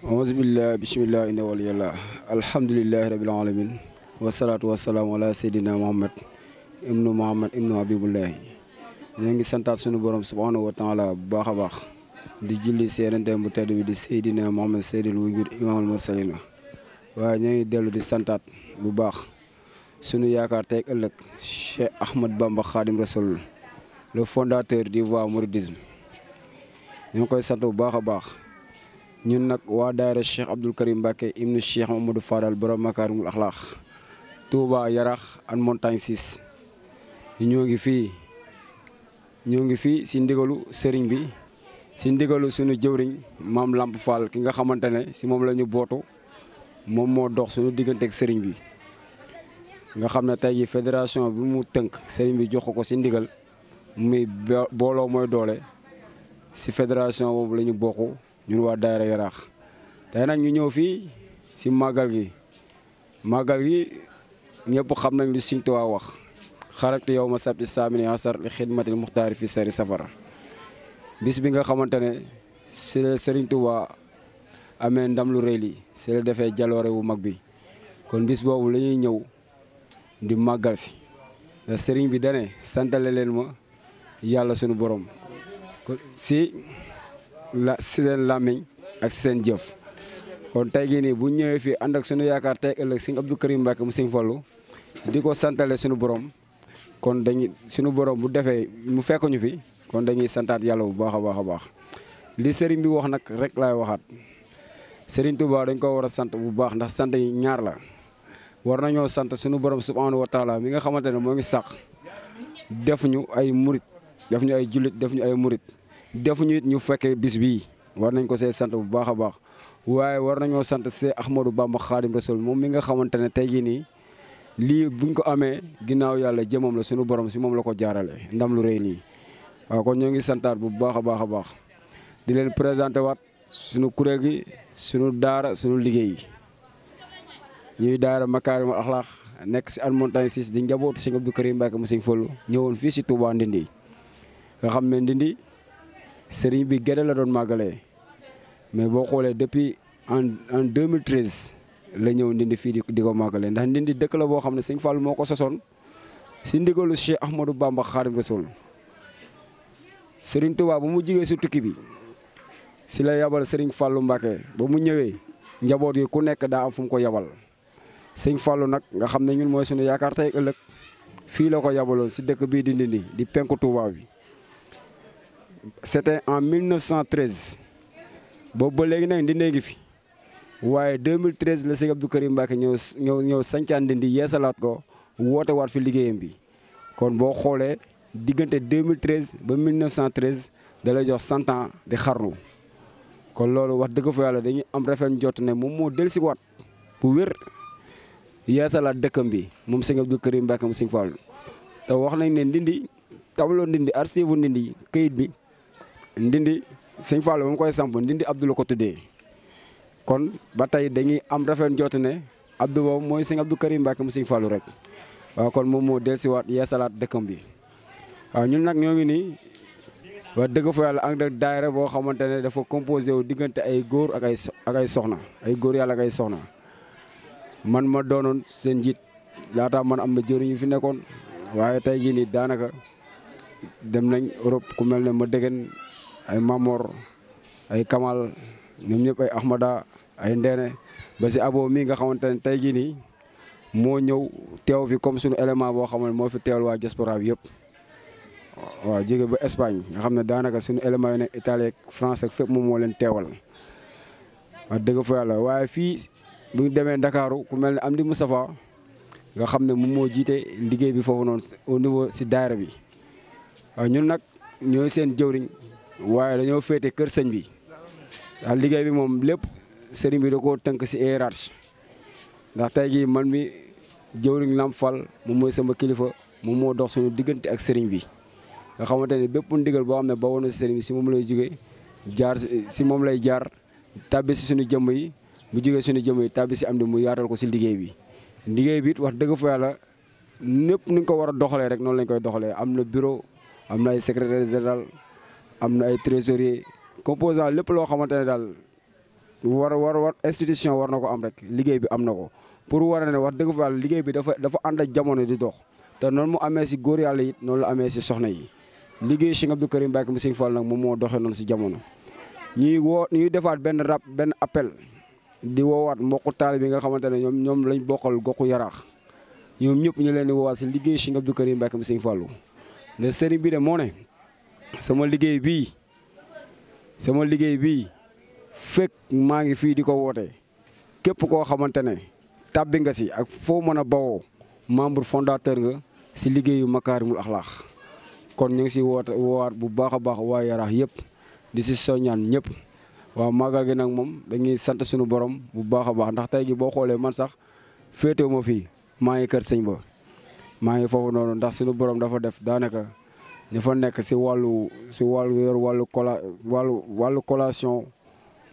أعوذ بالله بسم الله إن ولي الله الحمد لله رب العالمين والصلاة والسلام على سيدنا محمد ابن محمد ابن أبي الله نيغي سانتات سونو بوروم سبحانه وتعالى باخا باخ دي جيلي سيرنتي مو تيدو دي سيدنا محمد سيد الوجود امام المرسلين وا نيغي ديلو دي سانتات بو باخ سونو ياكار تيك الك شيخ احمد بامبا خادم رسول لو فونداتور دي فوا موريديزم نيغي كوي سانتو باخا باخ ñun nag waa daayira Cheikh Abdoul Karim Mbacké ibnu Cheikh Mamadou Fadal borom makaarimul axlaax Touba Yarax an Montagne 6 ñoo ngi fii ñoo ngi fii si ndigalu sëriñ bi si ndigalu suñu jëwriñ maam Lamp Fall ki nga xamante ne si moom lañu bootu moom moo dox suñu digganteeg sëriñ bi nga xam ne tey ji fédération bi mu tënk sëriñ bi jox ko si ndigal muy booloo mooy doole si fédération boobu la ñu bokku ñun waa daayira yaraax tey nag ñu ñëw fii si màggal gi màggal gi ñëpp xam nañ li Sëñ Tuubaa wax xarajtu yow ma sabti saamini asar li xidmatil muxtaari fi sari safara bis bi nga xamante ne si la Sëriñ Tuubaa amee ndam lu rëy li si la defee wu mag bi kon bis boobu la ñuy ñëw di màggal si ndax sëriñ bi dane santale leen ma yàlla sunu borom si la si seen làmmiñ ak si seen jëf kon tay gi ni bu ñëwee fi and ak suñu yaakar tay ëllëg sin Abdou Karim Mbacke mu sëñ Fallu di santalé suñu borom kon dañuy suñu borom bu défé mu fekk ñu fi kon dañuy santat yalla bu baaxa baaxa baax li sëriñ bi wax nak rek lay waxat sëriñ Touba dañ ko wara sant bu baax ndax sant yi ñaar la war nañu sant suñu borom subhanahu wa taala mi nga xamantene mo ngi sax def ay murit def ñu ay julit def ay murit defuñu it ñu fekkee bis bii war nañ ko see sant bu baax a baax waaye war nañoo sant see Ahmadou Bamba Xaadim Rasul moom mi nga xamante ne tey jii nii lii buñ ko amee ginnaaw yàlla jëmam la suñu borom si moom la ko jaarale ndam lu rëy nii waaw kon ñoo ngi santaat bu baax a baax a baax di leen présenté waat suñu kuréel gi suñu daara suñu liggéey ñuy daara Makaarimul Axlaaq nekk si Hann Montagne 6 di njabootu Sëñ Abdou Karim Mbacké mu Sëñ Fallu ñëwoon fii si Touba Ndindi nga xam Sering bi Guédé la doon magalé mais bo xolé depuis en en 2013 la ñëw ndindi fi di di ko màggalee ndax ndindi dëkk la bo xamné ne sëñ moko moo ko sosoon ndigalu Cheikh Ahmadou Bamba Khadim Rasoul serigne Touba bu mu jigee si tukki bi ci la yabal serigne Fallou Mbacké bu mu ñëwé njaboot yi ku nekk da am fu ko yabal sëñ Fallou nak nga xamné ñun moy suñu yaakaar tey ëlëk fi la ko yabalon si dëkk bi di ndindi di penku Touba bi. c'était en 1913 boobu ba léegi nag Ndindy ngi fi waaye 2013 la sëñ Abdou Karim Mbacke ñëw ñëw ñëw sañcaan Ndindy yeesalaat ko woote waat fi liggéeyam bi kon boo xoolee diggante 2013 ba 1913 da lay jox cent di xarnu kon loolu wax dëgg fa yàlla dañuy am rafet jot ne moom moo dellusiwaat bu wér yeesalaat dëkkam bi moom sëñ Abdou Karim Mbacke mu sëñ Fallu te wax nañ ne Ndindy tableau Ndindy archive Ndindy kayit bi ndindi sëñ Fallou ba mu koy samp ndindi Abdou la ko tuddee kon ba tey dañuy am rafet njort ne Abdou boobu mooy sëñ Abdou Karim Mbacke mu sëñ Fallou rek waaw kon moom moo dellusiwaat yeesalaat dëkkam bi waaw ñun nag ñoo ngi nii wax dëgg fa yàlla ànd ak daayira boo xamante ne dafa composé wu diggante ay góor ak ay soxna ay góor yàlla ak ay soxna man ma doonoon seen njiit laataa man am ma jëriñ yu fi nekkoon waaye tey jii nii daanaka dem nañ Europe ku mel ne ma dëgën ay Mamor ay Kamal ñoom ñëpp ay Ahmada ay Ndene ba si abo mii nga xamante ne tey jii nii moo ñëw teew fi comme suñu élément boo xam moo fi teewal waa diaspora bi yëpp. waaw jóge ba nga xam ne daanaka suñu élément yi ne Italie leen teewal yàlla waaye fii bu ñu demee Ndakaaru ku mel ne Amdi Moustapha nga xam ne moom moo jiite liggéey bi foofu noonu au niveau si daayira bi waaw ñun nag ñooy seen jëwriñ waye dañu fété kër sëñ bi dal liggéey bi mom lepp sëriñ bi dako tënk ci hiérarchie ndax tay gi man mi jëwriñ lam fal mom moy sama kilifa mom mo dox suñu digënté ak sëriñ bi nga xamante ne bépp ndigal bo xamné ba wonu si bi ci mom lay juggé jaar ci mom lay jaar tàbbi ci suñu jëm yi bu juggé suñu jëm yi tàbbi ci am di mu yaatal ko ci liggéey bi liggéey bi wax dëgg fa yalla ñëpp ni nga ko wara doxalé rek non lañ koy doxalé am na bureau am na secrétaire général am na ay trésorier composant lépp loo xamante ne daal war war war institution war na ko am rek liggéey bi am na ko pour war ne wax dëgg fa yàlla liggéey bi dafa dafa ànd ak jamono di dox te noonu mu amee si góor yàlla it noonu la amee si soxna yi liggéey Cheikh Abdou Karim Mbacké mu Sëñ Fall nag moom moo doxee noonu si jamono ñuy woo ñuy defaat benn rap benn appel di woowaat mboqu taal bi nga xamante ne ñoom ñoom lañ bokkal goxu yaraax ñoom ñëpp ñu leen di woowaat si liggéey Cheikh Abdou Karim Mbacké mu Sëñ Fallu ne sëriñ bi moo sama liggéey bii sama liggéey bii fekk maa ngi fii di ko woote képp koo xamante ne tàbbi nga si ak foo mën a bawoo membre fondateur nga si liggéeyu makaarimul axlaax kon ñu ngi si woote woowaat bu baax a baax waa yaraax yëpp di si soññaan ñëpp waaw màggal gi nag moom dañuy sant sunu borom bu baax a baax ndax tey gi boo xoolee man sax féetewu ma fii maa ngi kër sëñ ba maa ngi foofu noonu ndax suñu borom dafa def daanaka ñu fa nekk si wàllu si wàllu yor wàllu cola wàllu wàllu collation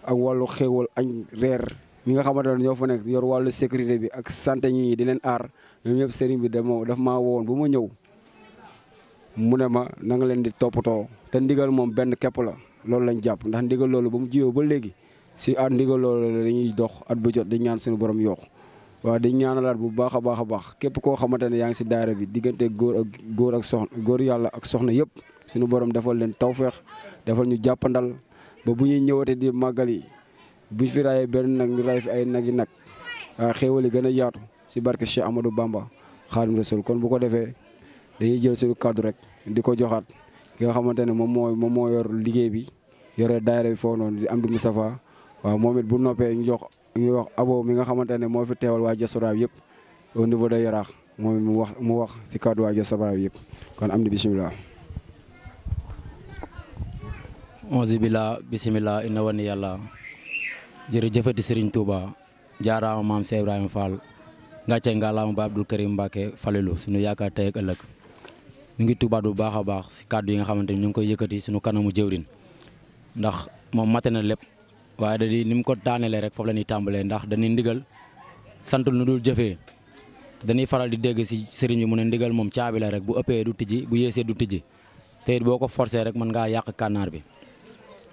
ak wàllu xéewal añ reer ñi nga xamante ne ñoo fa nekk yor wàllu sécurité bi ak santé ñi di leen aar ñoom ñëpp sëriñ bi dama daf maa woon bu ma ñëw mu ne ma na nga leen di toppatoo te ndigal moom benn képp la loolu lañ jàpp ndax ndigal loolu ba mu jiwee ba léegi si at ah, ndigal loolu la dañuy dox at bu jot di ñaan suñu borom yokku waaw di ñaanalaat bu baax a baax a baax képp koo xamante ne yaa ngi si daara bi diggante góor ak góor ak soxna góor yàlla ak soxna yëpp suñu borom defal leen tawféex defal ñu jàppandal ba bu ñuy ñëwatee di màggal yi buñ fi raayee benn nag ñu raay fi ay nag yi nag waaw xéewal gën a yaatu si barke Cheikh Amadou Bamba Xaadimu Rasuul kon bu ko defee dañuy jël suñu kàddu rek di ko joxaat ki nga xamante ne moom moo moom moo yor liggéey bi yore daayira bi foofu noonu di Amdi Moustapha waaw moom it bu noppee ñu jox. ñuy wax abo mi nga xamantene ne fi téwal wa Diasporabi yépp au niveau de yarax mo mu wax mu wax ci kàddu wa yépp kon am di onzi bila bisimilah inna wani yàlla jërëjëfati Serigne Touba jaaraama maam Cheikh ibrahim Fall ngàcce ngalaama ba Abdou Karim mbake Falelu suñu yaakaar tay ak ëlëk ñu ngi touba du baaxa baax ci kàddu yi nga xamantene ñu ngi koy yëkëti suñu kanamu jëwrin ndax mom lepp waye da di ni ko daanelee rek foofu lañuy tambalé ndax dañuy ndigal santul nu dul dañuy faral di dégg si sëriñ mu ne ndigal mom ciabi la rek bu ëppee du tiji bu yéssé du tiji. te it boo forcé rek mën nga yaq kànnaar bi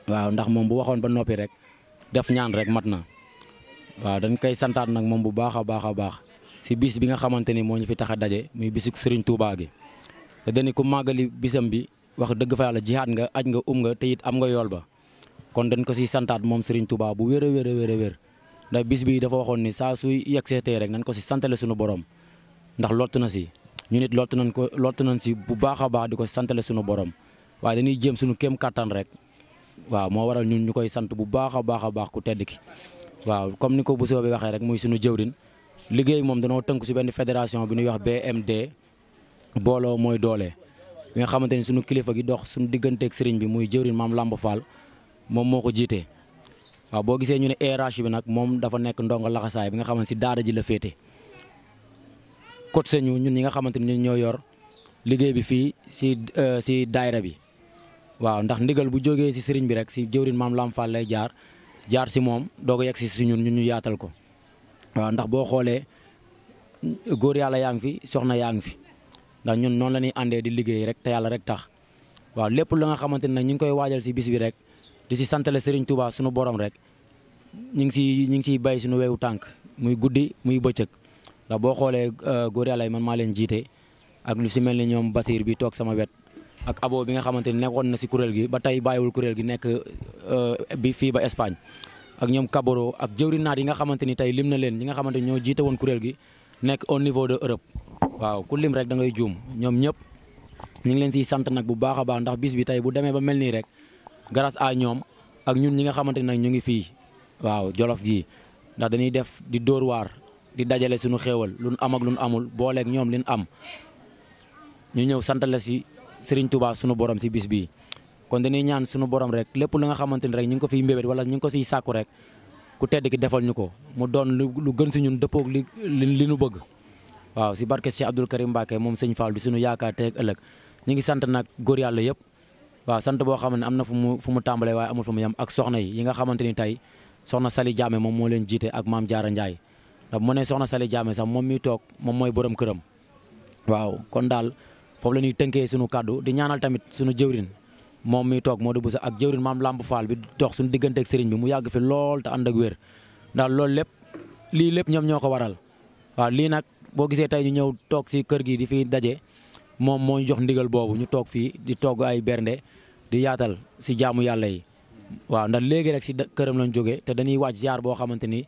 waaw ndax mom bu waxon ba nopi rek def ñaan rek matna waaw dañ koy santat nak mom bu baaxa baaxa baax ci si bis bi nga xamanteni mo ñu fi taxa dajé muy bisuk sëriñ Touba gi dañ ni ku magali bisam bi wax dëgg fa yalla jihad nga aj nga um nga am nga yol ba kon dañ ko siy santaat moom Serigne Touba bu wér a wér a wér a wér ndax bis bi dafa waxoon ni saa suy yegseetee rek nañ ko si santale sunu borom ndax lott na si ñu nit lott nañ ko lott nañ si bu baax a baax di ko santale suñu borom waaye dañuy jëm suñu kem kàttan rek waaw moo waral ñun ñu koy sant bu baax a baax a baax ku tedd ki waaw comme ni ko bu soobee waxee rek muy suñu jëwrin liggéey moom danoo tënk si benn fédération bi ñuy wax BMD booloo mooy doole. bi xamante ni suñu kilifa gi dox suñu digganteeg sëriñ bi muy jëwrin maam Lamb Momo moko jité wa bo gisé ñu né RH bi nak mom dafa nekk la xassay bi nga xamanteni si daara ji la fété kot se ñu ñun yi nga xamanteni ñu ñoo yor liggéey bi fi si euh, si daayra bi waaw ndax ndigal bu joggé si sëriñ bi rek si jëwriñ maam Lam fallé jar jaar jaar si mom dogo yegg si si ñun ñun ñu yaatal ko waaw ndax bo xolé goor yàlla yaang fi soxna yaang fi ndax ñun non lañuy andé di liggéey rek te yàlla rek tax waaw lepp lu nga xamanteni ñu ngi koy si bis bi rek di si santale Serigne Touba suñu borom rek ñu ngi si ñu ngi siy bay suñu wewu tànk muy guddi muy bëccëg ndax boo xoolee euh, góor yàlla man maa leen jiite ak lu si mel ni ñoom Basir bi toog sama wet ak abo bi nga xamante ni nekkoon na si kuréel gi ba tey bàyyiwul kuréel gi nekk euh, bi fii ba Espagne ak ñoom Kaboro ak jëwri naat yi xamante ni tey lim na leen ñi nga xamante ni ñoo jiite woon kuréel gi nekk au niveau de Europe waaw ku lim rek da ngay juum ñoom ñëpp ñu ngi leen siy sant nag bu baax a baax ndax bis bi tey bu demee ba mel nii rek grâce à ñoom ak ñun ñi nga xamante ne nag ñu ngi fii waaw jolof gi ndax dañuy def di dóor waar di dajale suñu xéewal lu nu am ak lu nu amul booleeg ñoom li am ñu ñëw sant si Serigne Touba sunu borom si bis bii. kon dañuy ñaan sunu borom rek lépp lu nga xamante ni rek ñu ngi ko fiy mbébét wala ñu ngi ko fiy sàkku rek ku tedd ki defal ñu ko mu doon lu gën si ñun dëppoog li li nu bëgg. waaw si barke si Abdou Karim Mbacké moom sëñ Fall di sunu yaakaar teeg ñu ngi sant nag góor yàlla yëpp. waaw sant boo xam ne am na fu mu fu mu tàmbalee waaye amul fu mu yem ak soxna yi yi nga xamante ni tey soxna Sali Diame moom moo leen jiite ak maam Diarra Ndiaye ndax mu ne soxna Sali Diame sax moom mi toog moom mooy borom këram waaw kon daal foofu la ñuy tënkee suñu kàddu di ñaanal tamit suñu jëwrin moom mi toog Modou Boussa ak jëwrin maam Lamb Fall bi dox suñu diggante ak sëriñ bi mu yàgg fi lool te ànd ak wér ndax loolu lépp lii lépp ñoom ñoo ko waral waaw lii nag boo gisee tey ñu ñëw toog si kër gi di fi daje moom moo jox ndigal boobu ñu toog fii di togg ay bernde di yaatal si jaamu yàlla yi waaw ndax léegi rek si këram lañ jógee te dañuy waaj ziar boo xamante ni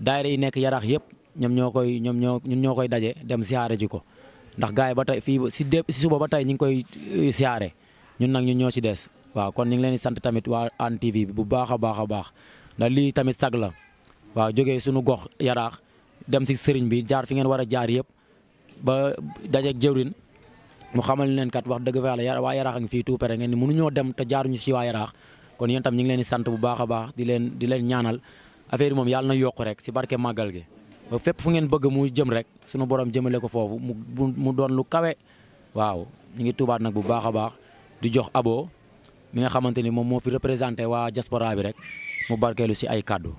daayira yi nekk yaraax yëpp ñoom ñoo koy ñoom ñoo ñun ñoo koy daje dem siyaare ji ko ndax yi ba tey fii si dé suba ba tey ñu ngi koy siyaare euh, ñun nag ñun ñoo si des waaw kon ñu ngi leen di sant tamit waa Hann TV bi bu baax a baax a baax ndax lii tamit sag la waaw jógee suñu gox yaraax dem si sëriñ bi jaar fi ngeen war a jaar yëpp ba dajeeg jëwrin mu xamal leen kat wax deug fa yalla wa yarax ngi ngi fii pere ngeen ni ñoo dem te ñu si wa yarax kon yéen tam ñu ngi leen di sante bu baaxa baax di leen di leen ñaanal affaire mom yalla na yok rek si barke magal ge ba fépp fu ngeen bëgg mu jëm rek suñu borom jëmele ko fofu mu mu doon lu kawé waaw ñi ngi tuubaat nak bu baaxa baax di jox abo mi nga xamanteni mom mo fi représenté wa diaspora bi rek mu lu si ay cadeau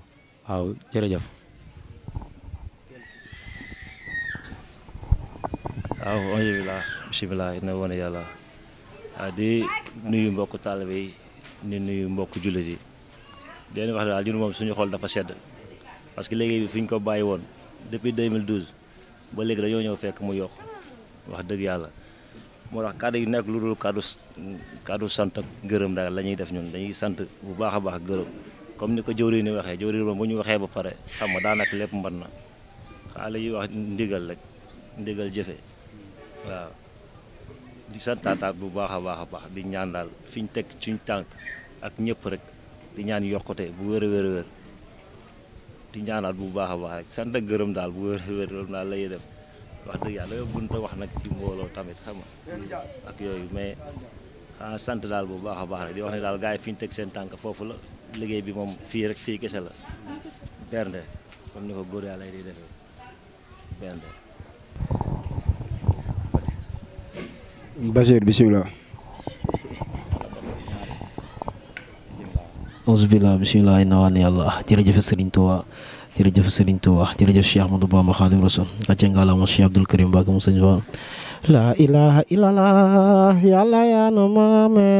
waaw jërëjëf waaw bisimilah na wane yàlla ah, di nuyu mbokku taalibe yi di nuyu mbokk jullit yi di leen wax daal ñun moom suñu xol dafa sedd parce que léegi bi fi ñu ko bàyyi woon depuis 2012 ba léegi dañoo ñëw fekk mu yokk wax dëgg yàlla moo tax kàddu yi nekk lu dul kàddu kàddu sant ak gërëm daal la ñuy def ñun dañuy sant bu baax a baax gërëm comme ni ko jëwriñ ni waxee jëwriñ moom bu ñu waxee ba pare xam nga daanaka lépp mën na xaale yi wax ndigal rek ndigal jëfe waaw di santaataat bu baax a baax a baax di ñaan daal fi ñu teg suñ tànk ak ñëpp rek di ñaan yokkute bu wér a wér a wér ñaanaat bu baax a baax rek sant gërëm daal bu wér a loolu daal lay def wax dëgg yàlla yow bunta wax nag ci mbooloo tamit xam ak yooyu mais xanaa sant daal bu baax a baax rek di wax ne daal gars fi ñu teg seen tànk foofu la liggéey bi moom fii rek fii kese la bernde comme ni ko góor yàlla yi di defee bernde Bachir bisimilah. auzubillah bisimilah inna waani yàlla jërëjëf Serigne Touba jërëjëf Serigne Touba jërëjëf Cheikh Ahmadou Bamba Khadim Rasul gàcce ngalaama Cheikh Abdoul Karim Mbacké mu sëñ Fall laa ilaha illallah yàlla yaa nu maame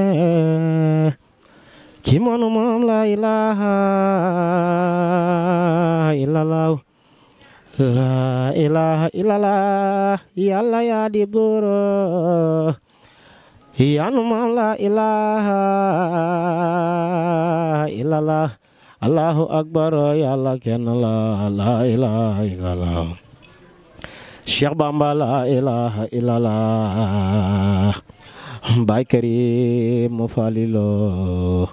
ci manu maam laa ilaha illallah La ilaha illallah ya la ya diburu Iyan la ilaha illallah Allahu Akbar ya la kenala la ilaha illallah Syekh Bamba la ilaha illallah Baikari mufalilo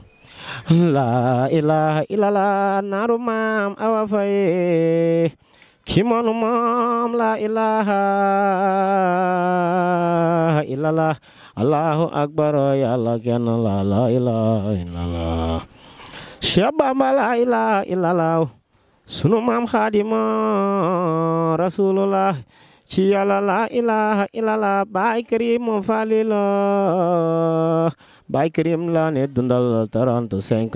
La ilaha illallah narumam awafai ki manu maam la ilaha illallah allahu akbar oh, yàlla kenn la la ilaha illallah Cheikh Bamba la ilaha illallah sunu maam xaadima rasulullah ci yàlla la ilaha baay karim falila baay karim la ne dundal trente-cinq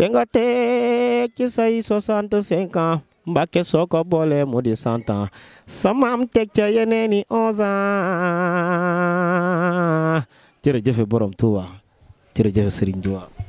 te nga teg ci say soixante-cinq Mbàkke soo ko boolee moo di cent ans samaam teg ca yeneeni onze ans jërëjëfe borom Touba jërëjëfe Serigne Touba